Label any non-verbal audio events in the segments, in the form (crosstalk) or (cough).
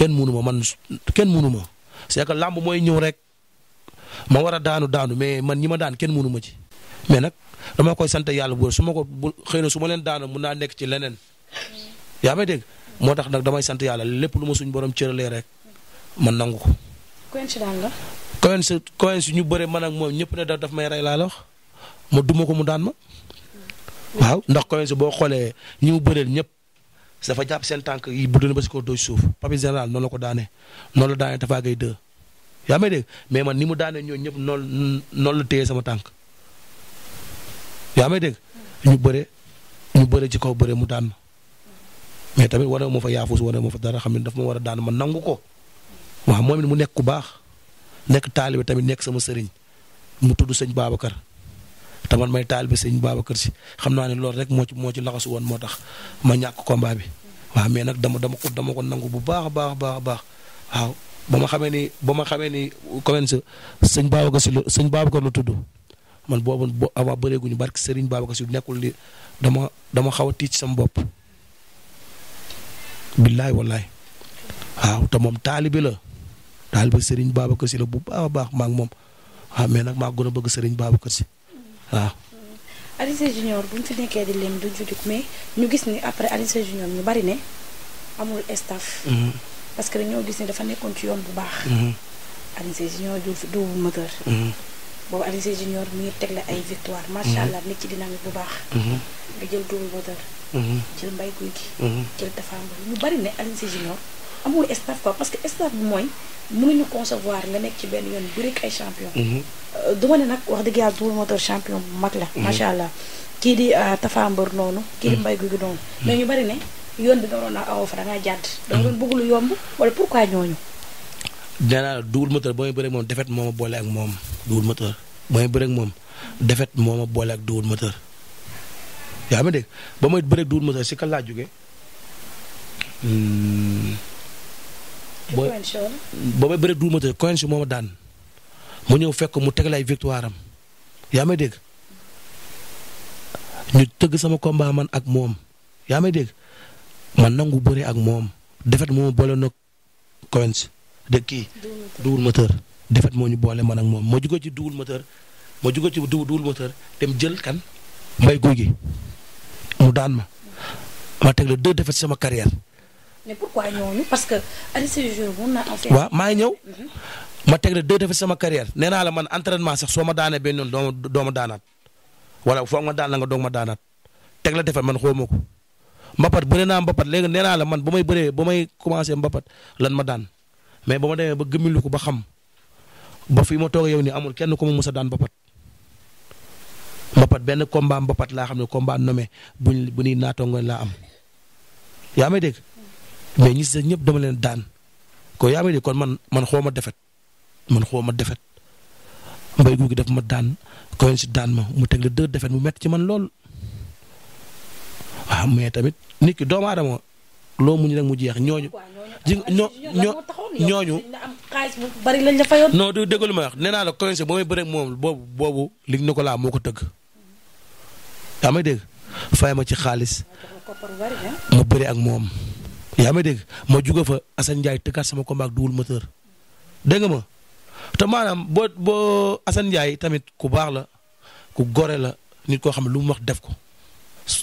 kenn mënu ma man kenn munu ma c'est que làmb mooy ñëw rek ma war a daanu daanu mais man ñi ma daan kenn mënu ma ci. mais nag dama koy sant yàlla bu su ko bu xëy na su ma leen daanu mun naa nekk ci leneen yaa may dégg moo tax nag damay sant yàlla lépp lu ma suñ borom lee rek man nangu ko. Coense Coense ñu bëre man ak moom ñëpp ne da daf may rey laa la ma duma ko mu daan ma hmm. waaw ndax Coense boo xoolee ñu mu bëreel ñëpp. dafa jàpp seen tànk yi bu dul ba si ko dóoj suuf papi général noonu la ko daane noonu la daane Tafa Gueye 2 yaa may dégg mais man ni mu daane ñooñu ñëpp noonu noonu la téye sama tànk yaa may dégg ñu bëre ñu bëre ci kaw bëre mu daan mais tamit war na moo fa yaafus war na moo fa dara xam ne daf ma war a daan ma nangu ko waaw moom it mu nekk ku baax nekk taalibe tamit nekk sama sëriñ mu tudd sëñ Babacar te man may taalibe sëñ Babacar Si xam naa ne loolu rek moo ci moo ci laxasu woon moo tax ma ñàkk combat bi waaw mais nag dama dama ko dama ko nangu bu baax a baax baax ba ma xamee ni ba ma xamee ni commence sëñ Babacar Si la sëñ Babacar la tudd man boobu bo avant bëreeguñu barke Serigne Babacar Si nekkul li dama dama xaw a tiit sama bopp. billaay wallaay waaw moom taalibe la taalibe Serigne Babacar Si la bu baax baax maa moom waaw mais nag maa gën a bëgg Serigne Babacar Si. waaw. Alioune Sèye Junior bu ñu fi nekkee di leen du judik mais ñu gis ni après Alioune Sèye Junior ñu bari ne amul staff. Mhm. parce que dañoo gis ne dafa nekkoon ci yoon bu baax. Mhm. Alioune Sèye Junior du du moteur. Mhm. boobu Alioune Sèye Junior mi ngi tegle ay victoire. macha allah nit ci dynamique bu baax. nga jël double moteur. jël mbay guy gi. jël dafa am lu bari ne Alioune Sèye Junior. amul staff quoi parce que staff bi mooy mënuñu concevoir nga nekk ci benn yoon bu ay champion mhm. euh, duma ne nag wax dëgg yàlla Double Moteur champion mag la mhm. macha allah kii di euh, Tafa Mbër noonu kii mhm. Mbay Guy noonu mais a aw fa da ngaa jàdd da nga doon bëgg moom defet moo ma moom Double Moteur ba may bëre ak moom defet moo ma si kan laa jógee hmm. boo ba may bëre duuma te coinche moo ma daan mu ñëw fekk mu tegal ay victoire yaa ma dégg ñu tëgg sama combat man ak moom yaa may dégg man nangu bëre ak moom defet moo ma boole nag coinche dégg kii duwul moteur defet moo ñu boole man ak moom moo jugo ci duwul moteur ma jugo ci duwul moteur dem jël kan mbay guy gi mu daan ma ma teg la deux defet sama carrière mais pourquoi parce que waaw maa ngi ñëw. Mhm. ma teg la deux défaites sama carrière nee naa la man entraînement sax soo ma daanee benn yoon doo doo ma daanaat wala foog ma daan la nga doog ma daanaat teg la defet man xooma ko mbapat bëri naa mbapat léegi nee naa la man ba may bëree ba may commencé mbapat lan ma daan mais ba ma demee ba gëmmilu ko ba xam ba fii ma toog yow nii amul kenn ku ma mus a daan mbapat mbapat benn combat mbapat laa xam ne komba nommé buñ bu ñuy naatoo nga laa am yaa may dégg mais ñi si ñëpp dama leen daan ko yaa ngi kon man man xoo ma defet man xoo ma defet mbéy gu gi def ma daan koyoon daan ma mu teg la deux defet mu metti ci man lool. waaw mais tamit nit ki doomu aadama loo muñ rek mu jeex ñooñu. ji ñoo ñoo du déglu nee naa la koyoon si ba may bëre moom boobu boobu lig na ko laa moo ko tëgg. yaa may dégg fay ma ci xaalis. Ah. mu bëri ak moom. yaa ma dégg ma juge fa Assane Ndiaye tëkkaat sama combat ak Double Moteur dégg nga ma te maanaam boo boo Assane Ndiaye tamit ku baax la ku gore la nit koo xam ne lu wax def ko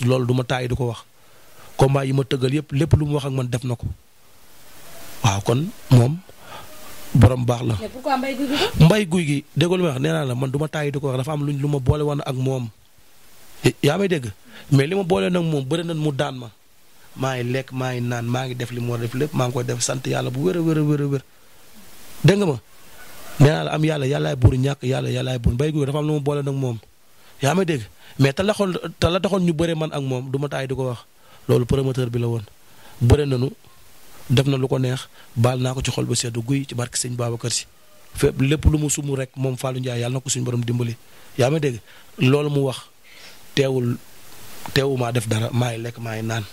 loolu du ma taay du ko wax combat yi ma tëggal yëpp lépp lu mu wax ak man def na ko waaw kon moom borom baax la. mais mbay guy gi. mbay guy gi lu ma wax nee naa la man du ma taay du ko wax dafa am luñ lu ma boole woon ak moom yaa may dégg mais li ma boole nag moom bëri na mu daan ma. maa ngi lekk maa ngi naan maa ngi def li mu war lépp maa ngi koy def sant bu wér a wér a a wér dégg nga ma nee naa am yàlla yàllaay buur ñàkk yàlla yàllaay buur mbéy mi dafa am lu mu boole moom yaa may dégg mais te la xool te la ñu bëre man ak moom ma taay di ko wax loolu promoteur bi la woon bëre nañu def na lu ko neex baal naa ko ci xol ba seddu guy ci barke sëñ Babacar si fépp lépp lu mu sumu rek moom Fallou Ndiaye yàlla na ko suñu borom dimbali yaa may dégg loolu mu wax teewul teewumaa def dara maa ngi lekk maa ngi naan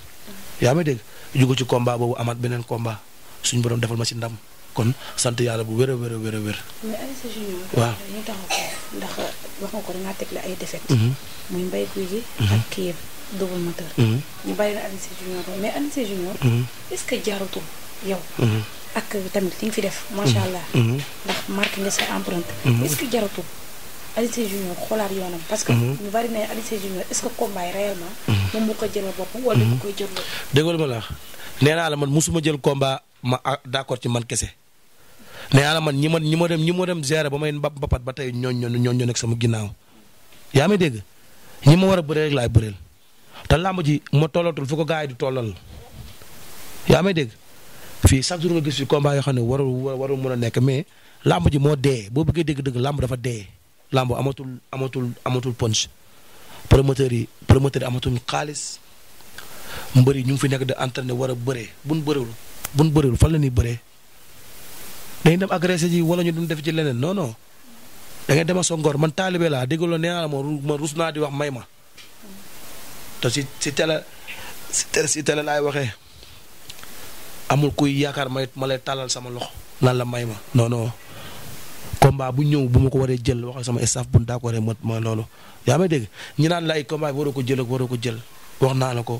yaa may dégg jugu ci combat boobu amaat beneen combat suñ borom defal ma ci ndam kon sant yàlla bu wér a wér a wér a wér. mais Alioune Junior. waaw ñu tax ndax wax nga ko da teg la ay défaite. Mhm. muy mbay guy gi. Mhm. ak kii yëpp mhm. ñu bàyyi la Alioune Junior mais Alioune Junior. est-ce que jaarutul yow. ak tamit li nga fi def. macha allah. ndax marqué nga sa empreinte. est-ce Alioune Sèye Junior xoolaat yoonam parce que. Mhm. ñu bari ne est-ce que combat yi réellement. Mhm. Mhm. ma la nee naa la man musuma jël combat ma ah, d'accord ci man kese nee naa la man ñi ma ñi ma dem ñi ma dem gérer ba may mbapat ba tey ñooñu ñooñu ñoo nekk sama ginnaaw yaa may dégg ñi ma war a bëree rek laay bëreel te làmb ji ma tollatul fu ko gars yi di tollal yaa may dégg fii chaque jour nga gis fi combat yoo xam ne warul warul mën a nekk mais làmb ji moo dee boo bëggee dégg-dëgg làmb dafa dee. lamb amatul amatul amatul punch promoteurs yi promoteurs yi amatuñ xaalis mbër yi ñu fi nekk di entraîné war a bëree buñ bëriwul buñ bëriwul fan la ñuy bëree dañuy dem agressé ji wala ñu duñ def ci leneen non non dem sa ngor man taalibe laa dégg la nee la ma rus naa di wax may ma te si si télé si télé laay waxee amul kuy yaakaar may ma lay tàllal sama loxo naan la may ma non combat bu ñëw ma ko waree jël may ko jël ko jël la ko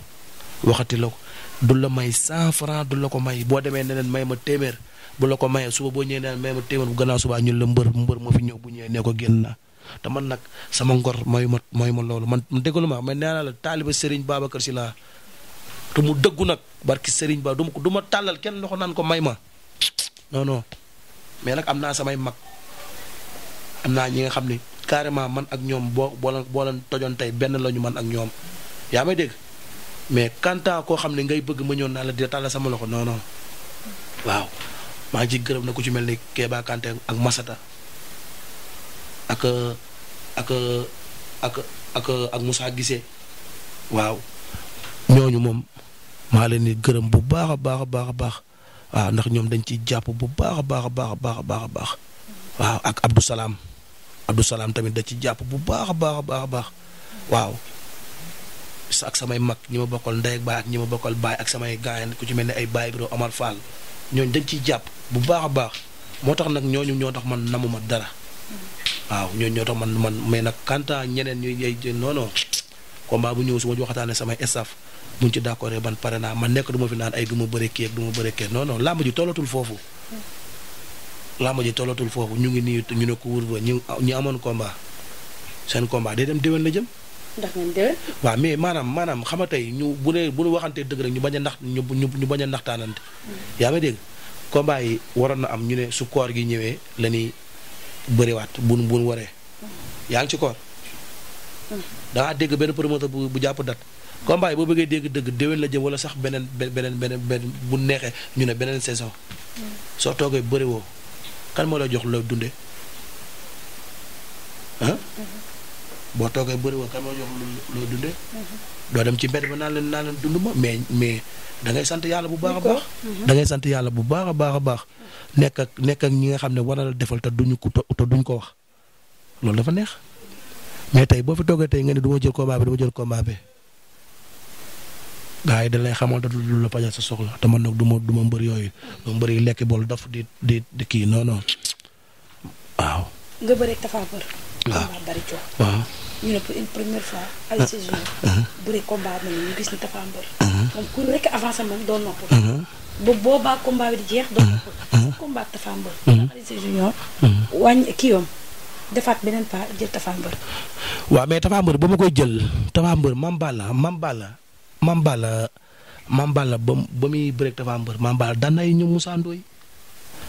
waxati la ko du la may cent franc la ko may boo demee neneen may ma téeméer bu la ko mayee suba boo ñëwee neneen ma téeméer bu gannaaw subaa ñun la mbër mbër moo ñëw nee ko génn naa te man nag sama ngor mooy ma mooy ma loolu man déglu ma mais nee naa la taaliba Serigne Babacar Sy laa te mu dëggu nag barki Serigne Ba du ma ko du ma tàllal kenn loxo naan ko may ma non non mais nag am naa samay mag. am naa ñi nga xam ne carrément man ak ñoom boo boo leen tojoon tey benn la man ak ñoom yaa may dégg mais kanta koo xam ne ngay bëgg ma ñëw naa la di tàllal sama loxo non waaw maa ngi ci gërëm na ku ci mel ni Kéba ak Masata ak ak ak ak waaw ñooñu moom maa leen di gërëm bu baax a baax a baax a baax waaw ndax ñoom dañ ciy jàpp bu baax a baax a baax a baax a baax waaw ak Abdou Salaam Abdou Salaam tamit da ci jàpp bu baax a baax a baax a baax waaw sa ak samay mag ñi ma bokkal ndey ak baay ak ñi ma bokkal baay ak samay gaayan ku ci mel ni ay baay biro Amar Fall ñooñu dañ ciy jàpp bu baax a baax moo tax nag ñooñu ñoo tax man namuma dara waaw ñooñu ñoo tax man man mais nag kanta ñeneen ñuy yey non non combat bu ñëw su ma waxtaanee samay staff buñ ci d'accord ban pare naa ma nekk du ma fi naan ay du ma bëre kii ak ma bëre kii non làmb ji tollatul foofu làmb ji tollatul foofu ñu ngi nii ñu ne couvre-feu ñu ñu amoon combat seen combat day dem déwén la jëm. ndax waaw mais maanaam maanaam xam nga tey ñu bu dee bu waxantee dëgg rek ñu bañ a nax ñu ñu bañ a naxtaanante. Hmm. yaa ngi dégg combat yi waroon na am ñu ne su gi ñëwee la ñuy bëriwaat bu hmm. yaa ngi ci koor. Hmm. da dégg benn promoteur bu bu jàpp dat combat boo bëggee dégg dëgg déwén la jëm wala sax beneen beneen beneen bu neexee ñu ne beneen saison. soo toogee bëriwoo. kan moo la jox la dunde ah. boo toogee bëri woon kan moo jox loo dunde mm-hmm. doo dem ci mbedd ba naan leen naan leen dund ma mais mais da ngay sant yàlla bu baax a baax. da ngay sant yàlla bu baax a baax a baax. Mm-hmm. nekk nekk ñi nga xam ne war na la defal te duñu ko te duñ ko wax loolu dafa neex mais tey boo fi toogee tey nga ne du ma jël combat bi du jël combat bi. gaa yi dañ lay xamal te du la pajal sa soxla te ma du ma mbër yooyu du mbër yi lekk bool daf di di di kii non non waaw. nga bëreeg Tapha Mbeur. waaw bari coow. waaw ñu ne pour une première fois. Ah, Aliou Cissé ah, ah. ba boobaa combat bi di jeex. doon noppal waaw mais Tapha Mbeur ba ma koy jël Tapha Mbeur Mame Balla Mame Balla Mame Balla Mame Balla ba ba muy bëreeg dafa am bër Mame Balla daan na ay ñoom Moussa Ndoye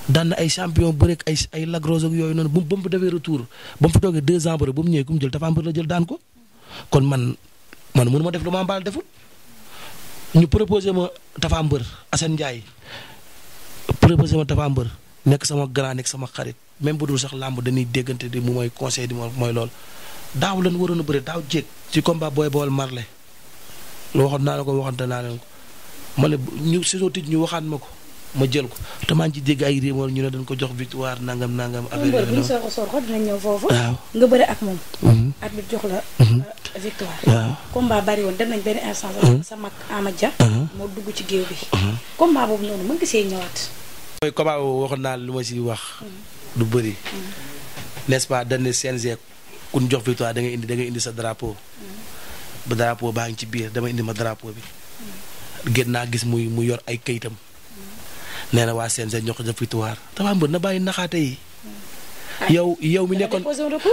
daan na ay champion bëreeg ay ay lagrose yooyu noonu bu mu defee retour ba mu fa toogee bëre ba mu ñëwee ku mu jël dafa am bër la jël daan ko kon man man mënu ma def lu Mame Balla deful ma dafa am bër Assane Ndiaye proposé ma dafa am bër nekk sama xarit même bu dul sax làmb dañuy déggante di mu mooy conseil di mooy lool daaw lan waroon a bëri daaw jéeg ci combat booy bool marle lu waxoon naa la ko waxante naa leen ko ma ne ñu saison titre ñu waxaan ma ko ma jël ko te maa ngi ci dégg ay rumeur ñu ne dañ ko jox victoire nangam nangam. affaire yooyu noonu mbër bu ñu a dinañ ñëw foofu. waaw ak moom. Mhm. la. Mhm. Euh, victoire. waaw combat bari woon dem nañ benn instance. Mhm. sa mag Amadia. moo dugg ci géew bi. combat boobu noonu mën nga see ñëwaat. mooy combat boobu waxoon naa lu ma si wax. du bëri. n'est-ce pas dañ ne CNG ku jox victoire da ngay indi da ngay indi sa drapeau. ba drapeau baa ngi ci biir dama indi ma drapeau bi gën naa gis muy mu yor ay kayitam nee na waa CNG ñoo ko def victoire Tapha Mbeur na bàyyi naxaate yi. Ah. yow yow mi nekkoon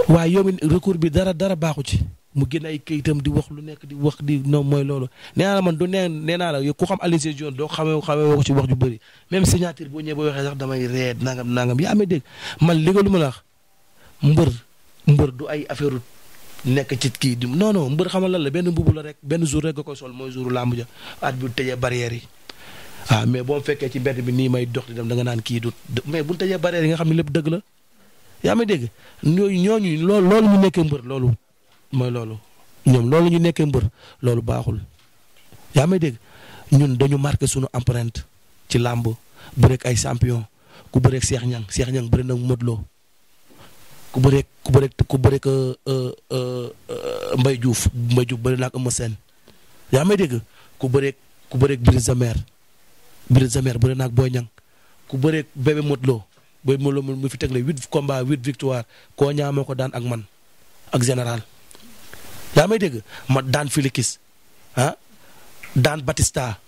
waaw yow mi recours bi dara dara baaxu ci. mu génn ay kayitam di wax lu nekk di wax di non mooy loolu nee naa la man du nee nee naa la ku xam Alioune Sèye doo xamee xamee woo ko ci wax ju bëri même signature boo ñëwee boo waxee sax damay reet nangam nangam yaa amee dégg man li nga lu ma la mbër mbër du ay affaire nekk ci kii di non non mbër xamal lal la benn mbubu la rek benn jour rek nga koy sol mooy jour làmb ja at bu tëjee barrière yi ah mais boo fekkee ci mbedd bi nii may dox di dem da naan kii du mais bu ñu tëjee barrière yi nga xam ne lépp dëgg la yaa dégg ñooñu ñooñu loolu loolu ñu nekkee mbër loolu mooy loolu ñoom loolu ñu nekkee mbër loolu baaxul yaa may dégg ñun dañu marqué suñu empreinte ci làmb bu rek ay champion ku bëreeg Cheikh Niang seex Niang bëri na Modou loo ku bëreeg ku bëreeg ku bëreeg euh, euh, Mbaye Diouf Mbaye Diouf bëri na ak Eumeu Sène yaa may dégg ku bëreeg ku bëreeg Brise de Mer Brise de Mer bëri na ak Boy Niang ku bëreeg Bébé Modou Lo Bébé Modou Lo mu fi tegle huit combats huit victoire koo ñaamoo ko daan ak man ak général yaa may dégg ma daan Félix ah daan Batista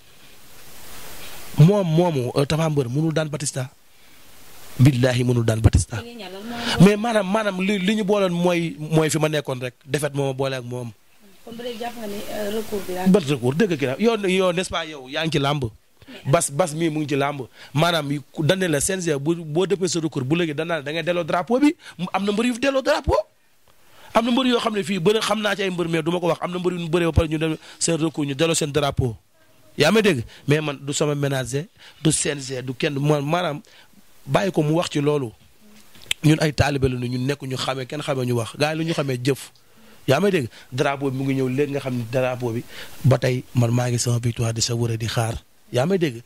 moom moomu euh, Tapha Mbeur mënul daan Batista billaahi mënul daan Batista mais maanaam maanaam li li ñu booloon mooy mooy fi ma nekkoon rek defet moo ma boole ak moom. kon ba euh, dëgg gi daal yow yow yow yaa ngi ci làmb. bas bas mii mu ngi ci làmb maanaam dañ ne la CNG bu boo defee sa recours bu léegi dañ naan delloo drapeau bi am yu fi delloo am na mbër yoo xam ne fii bëri xam naa ci ay mbër mais du ma ko wax am na mbër yu ñu bëree ba pare ñu dem seen recours ñu yaa may dégg mais man du sama ménager du CNG du kenn man maanaam bàyyi ko mu wax ci loolu ñun ay taalibe la ñu nekk ñu xamee kenn xamee ñu wax gars yi lu ñu xamee jëf. yaa may dégg drapeau bi mu ngi ñëw léegi nga xam ne drapeau bi ba tey man maa ngi sama victoire di sa war di xaar yaa may dégg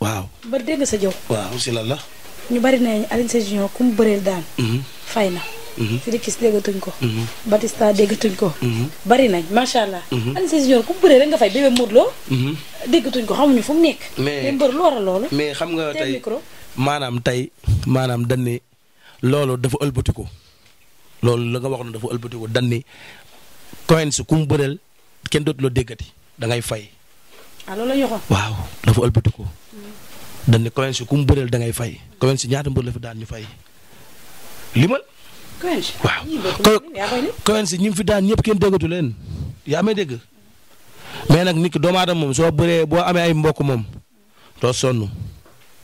waaw. ba dégg sa jëw. waaw si lan la. ñu bari nañu Alioune Sèye Junior ku mu bëreel daan. Mhm. fay na. Sirikis mhm. déggatuñ ko. Mhm. Batista déggatuñ ko. bari nañ macha allah. Alioune Sèye Junior ku mu bëreel rek nga fay bébé Modou Lo. déggatuñ ko xamuñu fu mu nekk. mais mbër lu waral loolu. mais xam nga tey maanaam tey maanaam dañ ne loolu dafa ëlbatiku loolu la nga wax ne dafa ëlbatiku dañ ne Quench ku mu bëreel kenn dootu la déggati da ngay fay. ah loolu la ñu waaw dafa ëlbatiku. dañ ne Quench ku mu bëreel da ngay fay Quench ñaata mbër la fi daan ñu fay limal. Quench waaw Quench ñi mu fi daan ñëpp kenn déggatu leen yaa may dégg. mais nag nit ki doomu aadama moom soo bëree boo amee ay mbokk moom doo sonn.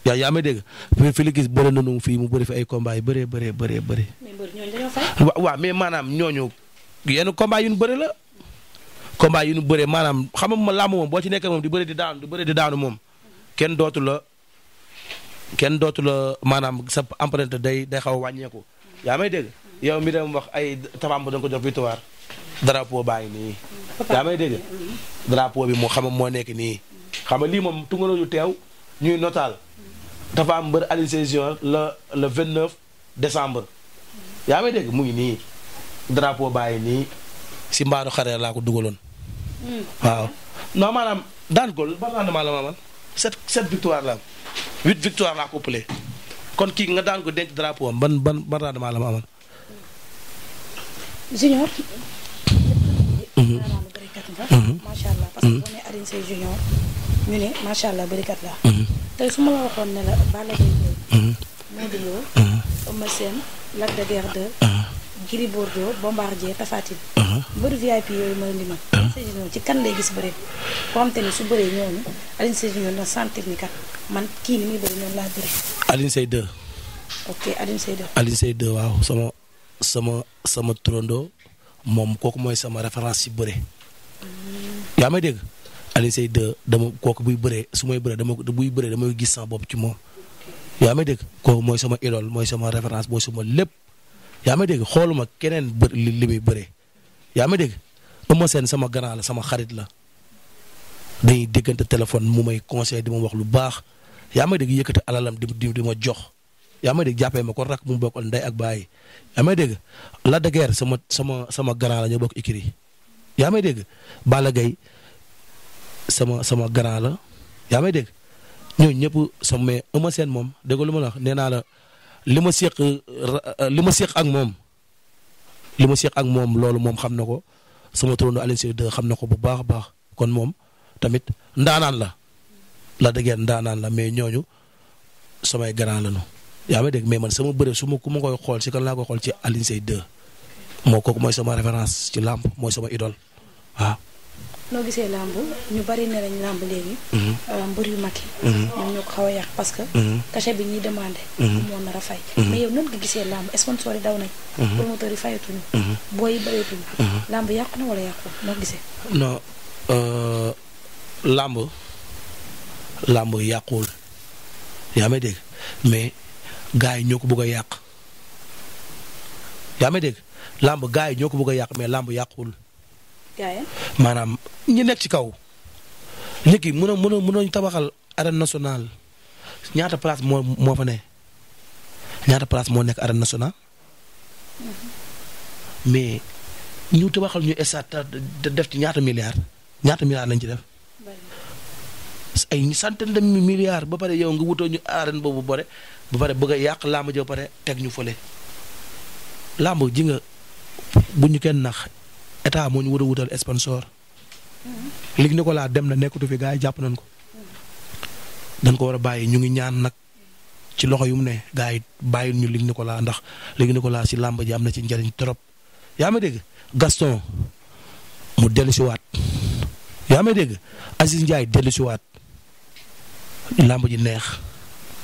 yaa yaa may dégg fi li gis bëri nañu fii mu bëri fi ay combat yu bëree bëree bëree bëri. mais mbër ñooñu mais maanaam ñooñu yenn combat yu ñu bëri la. combat yu nu bëree maanaam xam ma làmb moom boo ci nekk moom di bëri di daanu di bëri di daanu moom kenn dootu la kenn dootu la maanaam sa empreinte day day xaw wàññeeku. yaa may dégg yow mi dem wax ay tabaam da ko jox victoire drapeau baa ngi nii. yaa ma dégg drapeau bi moo xam moo nekk nii. xam nga lii moom tungaloo ñu teew ñuy notaal dafa am mbër Alioune Sèye Junior la le vingt neuf décembre yaa may dégg mu ngi nii drapeau bàyyi nii si mbaaru xare laa ko dugaloon. Hmm. waaw non maanaam daan ko ban rendement la ma amal sept am huit victoire laa ko ëppalee kon kii nga daan ko denc drapeau am ban ban ban rendement la ma amal. Junior. Mhm. macha allah parce que mhm. boo nee tey su ma la waxoon ne la Balla Gaye 2 Modou Lo de Guiers 2 mhm. Gris Bordeaux Bombardier mhm. VIP yooyu ma limal Sédhi ci kan lay gis bëri ko xam te ne su bëree ñooñu Alioune Sédhi Nione na man kii ni muy bëri ñoom sama sama sama turandoo moom kooku mooy sama référence ci bëre hmm. yaa may dégg Alioune Seye 2 dama kooku buy bëree su may bëree dama buy bëree damay gis sama bopp ci moom. yaa may dégg ko mooy sama idole mooy sama référence mooy sama lépp yaa ma dégg xooluma keneen li li muy yaa may dégg Eumeu sama grand la sama xarit la dañuy déggante téléphone mu may conseil di ma wax lu baax yaa ma dégg yëkkati alalam di di di ma jox yaa ma dégg jàppee ma ko rak mu bokkal ndey ak baay yaa may dégg Lac de sama sama sama grand la ñu bokk écurie yaa ma dégg Balla sama sama grand la yaa may dégg ñooñu ñëpp sama mais Eumeu Sène moom dégg lu ma la wax nee naa la li ma séq li ma séq ak moom li ma séq ak moom loolu moom xam na ko sama turando Alioune Seye xam na ko bu baax a baax kon moom tamit ndaanaan la la dëggee ndaanaan la mais ñooñu samay grand lañu. yaa may dégg mais man sama bëre su ma ku ma koy xool si kan laa koy xool ci Alioune Seye moo kooku mooy sama référence ci làmb mooy sama idole waaw. noo gisee làmb ñu bari ne lañ làmb léegi. Mhm. Euh, mbër yu mag yi. Mhm. ñoom ñoo ko xaw a yàq parce que. Mhm. cachet bi ñuy demande moo nar a fay. mais yow nan nga gisee làmb sponsor yi daw nañ. promoteurs yi fayatuñu. booy yi bareetuñu. làmb yàqu na wala yàqu noo gisee. non euh, làmb làmb yàquwul yaa may dégg mais gars yi ñoo ko bëgg a yàq yaa may dégg làmb gars yi ñoo ko bëgg yàq mais làmb yàquwul. maanaam ñi nekk ci kaw léegi mënoo mënoo mënoo ñu tabaxal arène nationale ñaata place moo moo fa ne ñaata place moo nekk arène nationale mm-hmm. mais ñu tabaxal ñu stade def ci ñaata milliards ñaata milliards nañ ci def. ay centaine de milliards ba pare yow nga wutoo ñu arène boobu bare ba pare bëgg a yàq làmb ji ba ñu fële bu ñu kenn nax état moo ñu war a wutal sponsor. Luc Nicolaï dem na nekkatu fi gars yi jàpp nañ ko. dañ ko war a bàyyi ñu ngi ñaan nag ci loxo yu mu ne gars yi bàyyil ñu Luc Nicolaï ndax Luc Nicolaï si làmba ji am na ci njariñ torop yaa ma dégg Gaston mu dellusiwaat yaa ma dégg Aziz Ndiaye dellusiwaat làmb ji neex.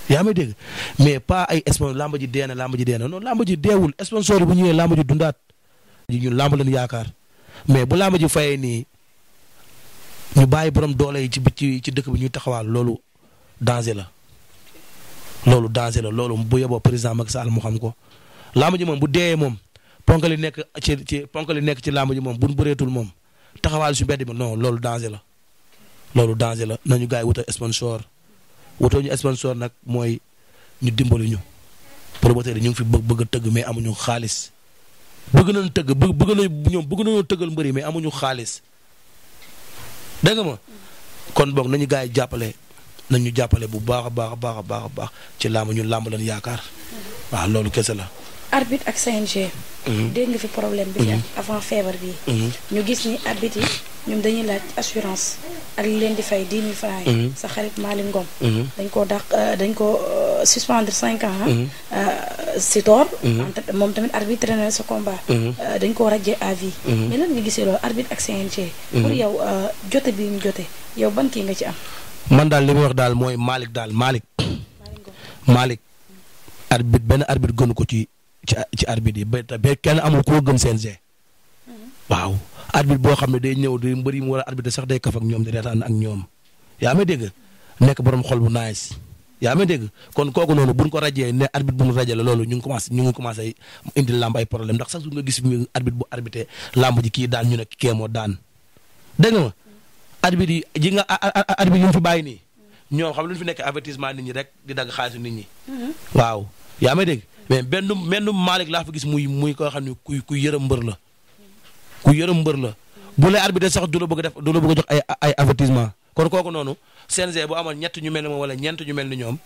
yaa may dégg mais pas ay sponsor làmb ji dee na làmb ji dee na non làmb ji deewul sponsor bu ñëwee làmb ji dundaat ñun ñu làmbalan yaakaar mais bu làmb ji fayee nii ñu bàyyi borom doole yi ci ci dëkk bi ñu taxawaal loolu danger la. loolu danger la loolu bu yeboo président Macky Sall mu xam ko làmb ji moom bu deeyee moom ponk li nekk ci ci ponk li nekk ci làmb ji moom buñ bëreetul moom taxawaal su mbedd bi non loolu danger la. loolu danger la ñu gars yi wutal sponsor wutoo ñu sponsor nag mooy ñu dimbali ñu promoteurs yi ñu fi bëgg bëgg a tëgg mais amuñu xaalis. bëgg nañ tëgg bëgg bëgg nañ ñoom bëgg nañoo tëggal mbëri mais amuñu xaalis dégg nga ma. kon boog nañu gars yi jàppale nañu jàppale bu baax a baax a baax a baax a baax ci làmb ñu làmb lañ yaakaar waaw loolu kese la. arbitre ak CNG. Mhm. dégg nga fi problème bi. Mhm. avant feebar bii. Mhm. ñu gis ni arbitre yi ñoom dañuy laaj assurance ak li leen di fay 10 000 yi. sa xarit Malick Ngom. dañ koo dàq euh, dañ koo. Euh, suspendre cinq ans. Mhm. Euh, si mhm. moom tamit arbitre na sa mhm. euh, dañ ko war a jël à vie. arbitre ak CNG. pour yow euh, jote bi ñu jote yow ban nga ci am. man daal li wax daal mooy Malick daal Malick. Malick. arbitre benn arbitre gënu ko ci ci ci arbitre yi ba kenn amul koo gëm CNG. waaw arbitre boo xam ne day ñëw di mbër yi mu war a arbitre sax day kaf ak ñoom di reetaan ak ñoom yaa may dégg nekk borom xol bu nice yaa ma dégg kon kooku noonu buñ ko rajee ne arbit bu mu rajee la loolu ñu ngi commencé ñu ngi commencé indi lamb ay problème ndax sax su nga gis ñu arbitre bu arbitré lamb ji kii daan ñu ne kee moo daan dégg nga ma arbitre yi ji nga arbitre yu mu fi bàyyi nii ñoom xam lu ñu fi nekk avertissement nit ñi rek di dagg xaalisu nit ñi mm-hmm. waaw yaa ngi dégg mais benn menn Malick laa fa gis muy muy koo xam ne ku ku yërëm mbër la ku yërëm mbër la bu lay arbitre sax du la bëgg def du la bëgg jox ay ay kon kooku noonu CNG bu amoon ñett ñu mel ni moom wala ñeent ñu mel ni ñoom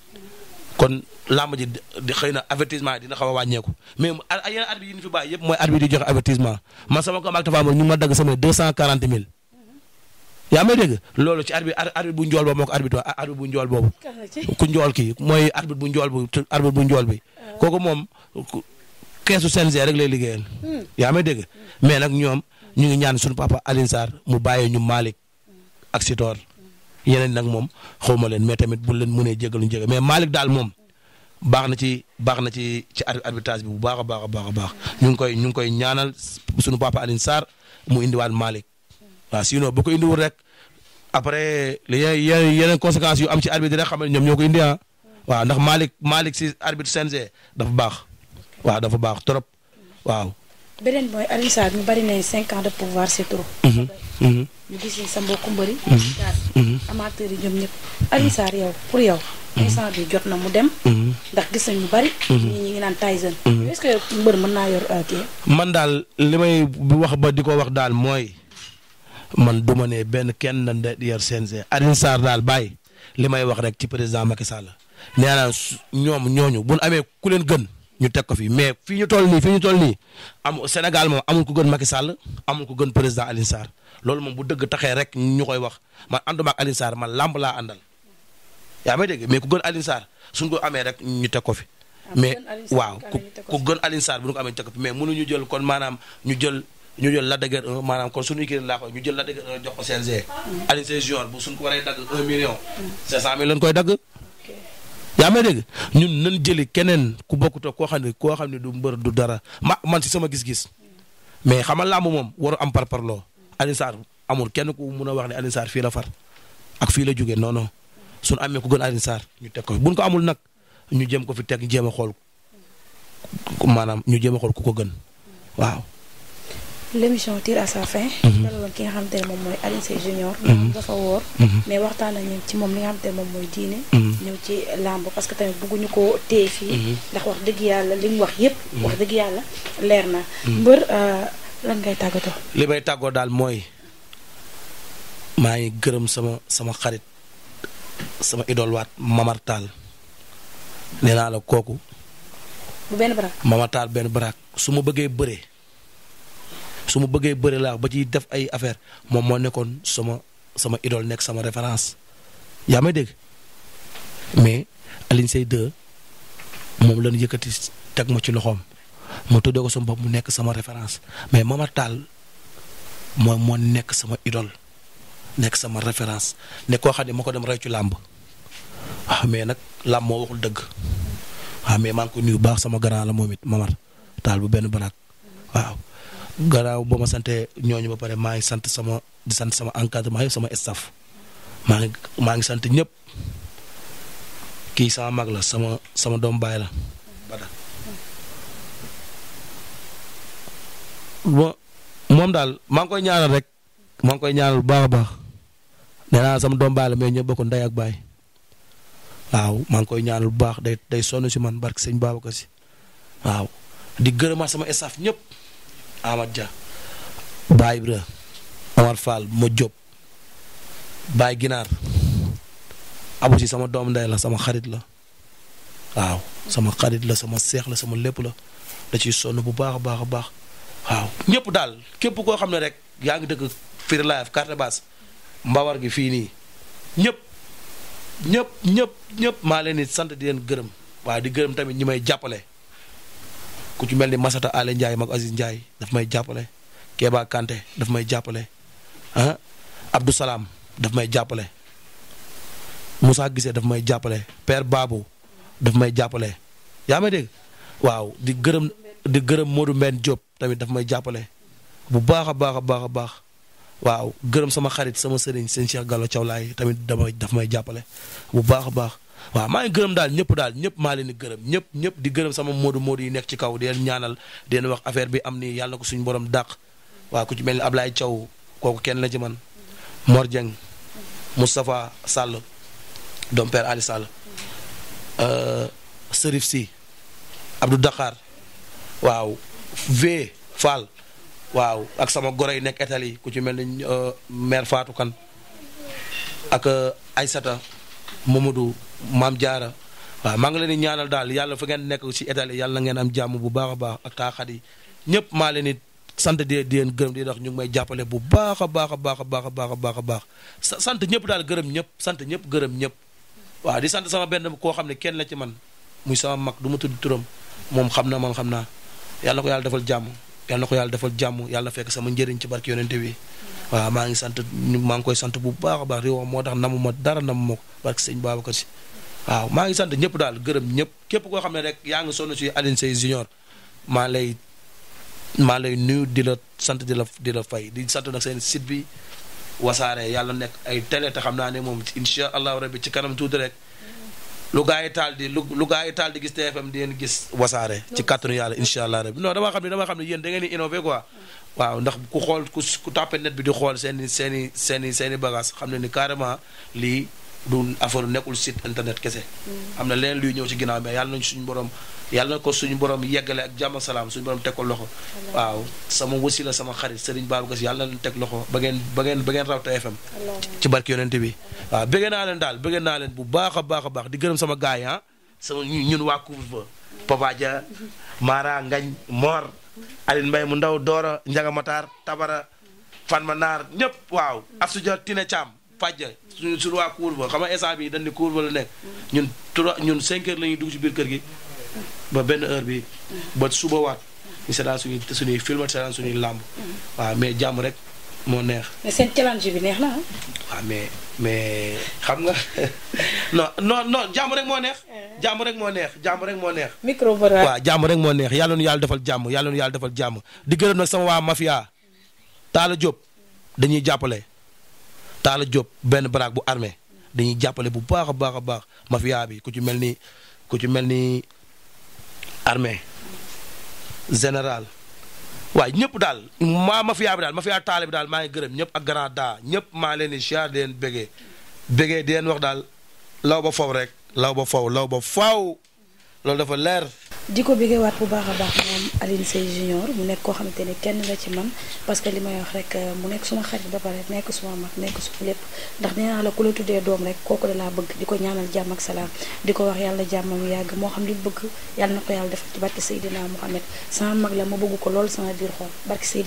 kon làmb ji di xëy na avertissement dina xaw a wàññeeku mais ay yeneen arbitre yi ñu fi bàyyi yëpp mooy arbitre di joxe avertissement man sama ko maag Tapha Mbeur ñu ma dagg sama deux cent quarante mille yaa ma dégg loolu ci arbitre arbitre bu njool boobu moo ko arbitre bu njool boobu ku njool kii mooy arbitre bu njool bu arbitre bu njool bi ah. kooku moom keesu CNG rek lay liggéeyal hmm. yaa ma dégg hmm. mais nag ñoom ñu ngi ñaan suñu papa Alioune Sarr mu bàyyee ñu Malick ak Sitor yeneen nag moom xaw ma leen mais tamit bu leen mënee jégalu ñu jégal mais daal moom baax na ci baax na ci ci arbitrage bi bu baax baax a baax a baax ñu ngi koy ñu ngi koy ñaanal suñu papa Alioune Sarr mu indiwaal Malick waa sinon bu ko indiwul rek après yeneen yeneen conséquences yu am ci arbitre rek xam ne ñoom ñoo ko indi ah waaw ndax malik Malick si arbitre CNG dafa baax waaw dafa baax trop waaw. beneen mooy Alioune saar ñu bari nañ cinq ans de pouvoir c'est trop. Mhm. Mhm. ñu gis ni sa mbokku mbëri. yi ñoom ñëpp yow pour yow. Mhm. instant mu dem. ndax gis bari. ñu ngi naan Tyson. est naa yor euh, man daal li may wax ba di ko wax daal mooy man du ma ne benn kenn dañ de yor CNG Alioune Sarr daal bàyyi li may wax rek ci président Macky Sall nee ñoom ñooñu bu ñu amee ku leen gën. ñu teg ko fi mais fii ñu toll nii fii ñu toll nii am Sénégal moom amul ku gën Macky Sall amul ku gën président Alioune Sarr loolu moom bu dëgg taxee rek ñu koy wax man ànduma ak Alioune Sarr man làmb laa àndal yaa may dégg mais ku gën Alioune Sarr suñ ko amee rek ñu teg ko fi. Ah, mais waaw ku gën Alioune Sarr bu nu ko amee ñu teg ko fi mais mënuñu jël kon maanaam ñu jël ñu jël la dëgër maanaam kon suñu kii laa koy ñu jël la dëgër jox ko CNG. Ah. Alioune Sarr junior bu suñ ko waree dagg un million. yaa may ñun nañ jëli keneen ku bokkutoo koo xam ne koo xam ne du mbër du dara ma man si sama gis-gis mais xamal làmb moom waru am par parloo Alioune Sarr amul kenn ku mun a wax ne Alioune Sarr fii la far ak fii la jógee non non amee ko gën Alioune ñu teg ko buñ ko amul nag ñu jéem ko fi teg jéem a xool maanaam ñu jéem a ku ko gën waaw l'émission tire à sa fin. Mhm. dalaloon ki nga xamante ne moom mooy Alioune Seye Junior. Mhm. dafa wóor. Mhm. mais waxtaan nañu ci moom li nga xamante ne moom mooy diine. ñëw ci làmb parce que tamit ñu koo téye fii. ndax wax dëgg yàlla li mu wax yépp. wax dëgg yàlla leer na. mbër euh, lan ngay tàggatoo. li may tàggoo daal mooy maa ngi gërëm sama sama xarit sama idol waat Mamar nee naa la kooku. bu benn baraak Mamar Tall benn baraak su ma bëggee bëree. su ma bëggee bëri laa ba ci def ay affaire moom moo nekkoon sama sama idole nekk sama référence yaa dégg mais Alioune Seye moom lañu yëkkati teg ma ci loxoom ma tuddee ko sama bopp mu nekk sama référence mais Mama Tall moom moo nekk sama idole nekk sama référence ne koo xam ko dem rey ci làmb waaw ah, nag làmb moo waxul dëgg waaw ah, mais maa ko nuyu baax sama grand la moom it Mamar Tall bu benn baraak waaw garaaw ba ma sante ñooñu ba pare maa ngi sant sama di sant sama encadrement sama staff maa ngi maa ngi sant ñëpp kii sama mag la sama sama doom baay la. moom daal maa ngi koy ñaanal rek maa ngi koy ñaanal bu baax a baax nee naa sama doom baay la mais ñoo bokk ndey ak baay waaw maa ngi koy ñaanal bu baax day day sonn si man barke sëñ Babacar si waaw di gërëmaat sama staf ñëpp. Amad ja Baay Ibra Omar Fall ma Diop Baay Ginaar Abu si sama doom ndey la sama xarit la waaw sama xarit la sama seex la sama lépp la da ciy sonn bu baax a baax a baax waaw ñëpp daal képp koo xam ne rek yaa ngi dëkk Firi Live carte basse mbawar gi fii nii ñépp ñëpp ñëpp ñëpp maa leen di sant di leen gërëm waaye di gërëm tamit ñi may jàppale ku ci mel ni Masata Alé Ndiaye mag Aziz Ndiaye daf may jàppale Kéba Kanté daf may jàppale ah Abdou daf may jàppale Moussa gisee daf may jàppale per baabu daf may jàppale yaa ma dégg waaw di gërëm di gërëm Modou Mbène Diop tamit daf may jàppale bu baax a baax baax a baax waaw gërëm sama xarit sama sëriñ seen Cheikh Gallo Thiaw tamit dama daf may jàppale bu baax baax waaw maa ngi gërëm daal ñëpp daal ñëpp maa leen di gërëm ñëpp ñëpp di gërëm sama moodu moodu yi nekk ci kaw di ñaanal di leen wax affaire bi am ni yàlla ko suñu borom dàq waaw ku ci mel ni Ablaye Thiaw kooku kenn la ci man Mor Dieng Moustapha Sall doom père Ali Sall euh, Serif waaw V Fall waaw ak sama goro yi nekk Italie ku ci mel ni euh, mère Fatou Kane ak euh, Aysata Mamadou Maam Jaara waaw maa ngi leen di ñaanal daal yàlla fa ngeen nekk ci Italie yàlla na ngeen am jàmm bu baax a baax ak taaxat yi ñëpp maa leen di sant di leen gërëm di wax ñu ngi may jàppale bu baax a baax a a baax a baax a baax a sant ñëpp daal gërëm ñëpp sant ñëpp gërëm ñëpp waaw di sant sama benn koo xam ne kenn la ci man mu sama mag du ma tudd turam moom xam na man xam naa yàlla ko yàlla defal jàmm yàlla na ko yàlla defal jàmm yàlla fekk sama njëriñ ci barke yonente wi waaw maa ngi sant maa ngi koy sant bu baax baax réewam moo tax namu ma dara namu ma ko barke sëñ Babacar Si waaw maa ngi sant ñëpp daal gërëm ñëpp képp koo xam ne rek yaa ngi sonn ci Alioune Seye Junior maa lay maa lay nuyu di la sant di la di la fay di sant nag seen site bi wasaare yàlla nekk ay télé te xam naa ne moom incha allahu rabbi ci kanam tuuti rek lu gaa yi taal di lu lu gaa yi taal di gis TFM di ngeen gis wasaare ci kàttanu yàlla incha allah rabbi non dama xam ne xam ne yéen da ngeen di waaw ndax ku xool ku tàppe net bi di xool seen seeni seen seeni seen i seen i xam ne ni carrément lii du affaire nekkul sit internet kese mm. am na leneen luy ñëw ci ginnaaw mais yàlla nañ suñu borom yàlla na ko suñu borom yeggale ak jàmm salaam suñu borom teg ko loxo waaw sama wasila sama xarit Serigne Babou Gass yàlla na teg loxo ba ngeen ba ngeen ba ngeen raw TFM ci barki yonente bi waaw bëggee naa leen daal bëggee naa leen bu baax a baax baax di gërëm sama gaay ah sama ñun waa couvre-feu mm. Papa Dia Mara Ngañ Mor Aline mbay mu ndaw Doora Njaga Matar Tabara ma Naar ñëpp waaw Asuja Tine Thiam Fadja suñu suñu waa couvre-feu xam nga instant bii dañ ni couvre-feu la nekk ñun trois ñun cinq heures la ñuy dugg ci biir kër gi ba benn heure bi ba suba waat ñu seetaan suñuy suñuy film seetaan suñuy làmb waa mais jàmm rek moo neex. mais seen challenge bi ah. mais xam nga (laughs) non non non jàmm rek moo neex. Eh. jàmm rek moo neex jàmm rek moo neex. micro jàmm rek moo neex yàlla nu yàlla defal jàmm yàlla nu yàlla defal jàmm di gërëm nag sama waa mafia. Talla Diop dañuy jàppale Talla Diop benn baraak bu armée dañuy jàppale bu baax a baax a baax mafia bi ku ci mel ni ku ci mel ni armée général. waaye ñëpp daal maa mafia bi ma fia taale bi daal maa ngi gërëm ñëpp ak grand da ñëpp maa leen di siyaar di leen bégee bégee di leen wax daal law ba faw rek law ba faw law ba faw loolu dafa leer di ko béggeewaat bu baax a baax moom Alioune Seye junior mu nekk koo xamante ni kenn la ci man parce que li may wax rek euh, mu nekk suma xarit ba pare nekk suma la ku la tuddee doom rek kooku da laa bëgg ko ñaanal jàmm ak salaam di ko wax yàlla jàmmam moo xam li mu bëgg yàlla na ko yàlla defal ci barke Seydina ko lool sama ma ci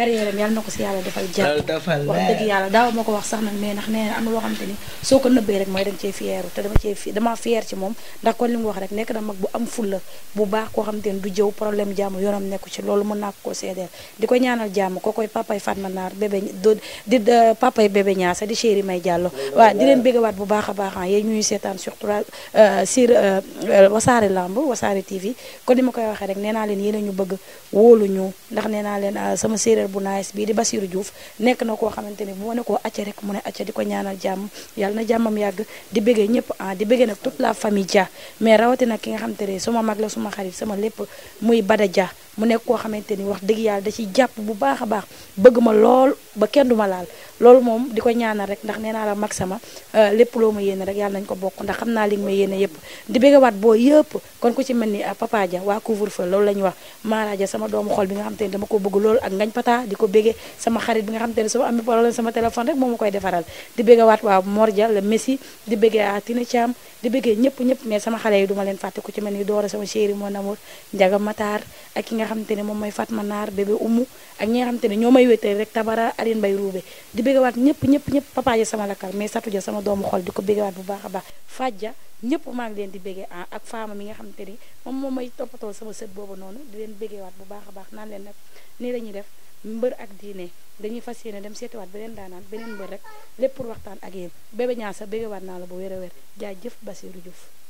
euh, na ko si yàlla defal jàmm wax dëgg yàlla daaw ma ko wax sax nag mais ndax nee na am na loo xamante ni soo ko nëbbee rek mooy dañ cee fieru te dama cee dama fier ci moom ndax kon li mu wax rek nekk na mag bu am fulla bu baax koo xam te ne du jëw problème jàmm yoonam nekku ci loolu mën naa ko seedeel di ko ñaanal jàmm ko koy papay Fatma Naar bébé di euh, papay bébé ñaasa di chéri may jàllo waaw di leen béggawaat bu baax a baax ah yéen ñuy seetaan surtout sur euh, euh, wasaare lamb wasaare TV kon ni ma koy waxee rek nee naa leen yéen ñu bëgg wóolu ñu ndax nee naa leen sama séeréer bu naes bii di Basiru Diouf nekk na koo xamante ne bu ne koo acca rek mu ne acca di ko ñaanal jàmm yàlla na jàmmam yàgg di bëggee ñëpp ah di bëggee nag tout la famille Dia mais rawatina ki nga xam te ne suma mag la suma xarit sama lépp muy Bada jaa mu nekk koo xamante ni wax dëgg yàlla da ciy jàpp bu baax a baax bëgg ma lool ba kenn du ma laal loolu moom di ko ñaanal rek ndax nee naa la mag sama euh, lépp loo ma yéene rek yàlla nañ ko bokk ndax xam naa li nga ma yëpp di béggawaat boo yëpp kon ku ci mel ni euh, papa ja waa couvre feu loolu la ñuy wax maaraaja sama doomu xol bi nga xam xamante ni dama ko bëgg loolu ak ngañ pata di ko béggee sama xarit bi nga xamante ni sama amee problème sama téléphone rek moo ma koy defaral di béggawaat waa mordia le messi di béggee a Tina Thiam ñëpp mais sama xale yi duma leen fàtte ku ci mel ni doora sama chéri mon nga xamante ne moom mooy ma Naar bébé Umu ak ñi nga xamante ne ñoo may wéeteel rek Tabara Aline Bay Roubé di béggawaat ñëpp ñëpp ñëpp papa ja sama lakkar mais Satou ja sama doomu xol di ko béggawaat bu baax a baax fajja ñëpp maa ngi leen di béggee ah, ak faama mi nga xam te ni moom moom may toppatoo sama sët boobu noonu di leen béggewaat bu baax a baax naan leen nag nii la ñuy def mbër ak diine dañuy fas yéene dem waat beneen daanaan beneen mbër rek lépp pour waxtaan ak yéen bébé ñaa sa béggewaat naa la bu wér a wér jaay jëf Basiru Juuf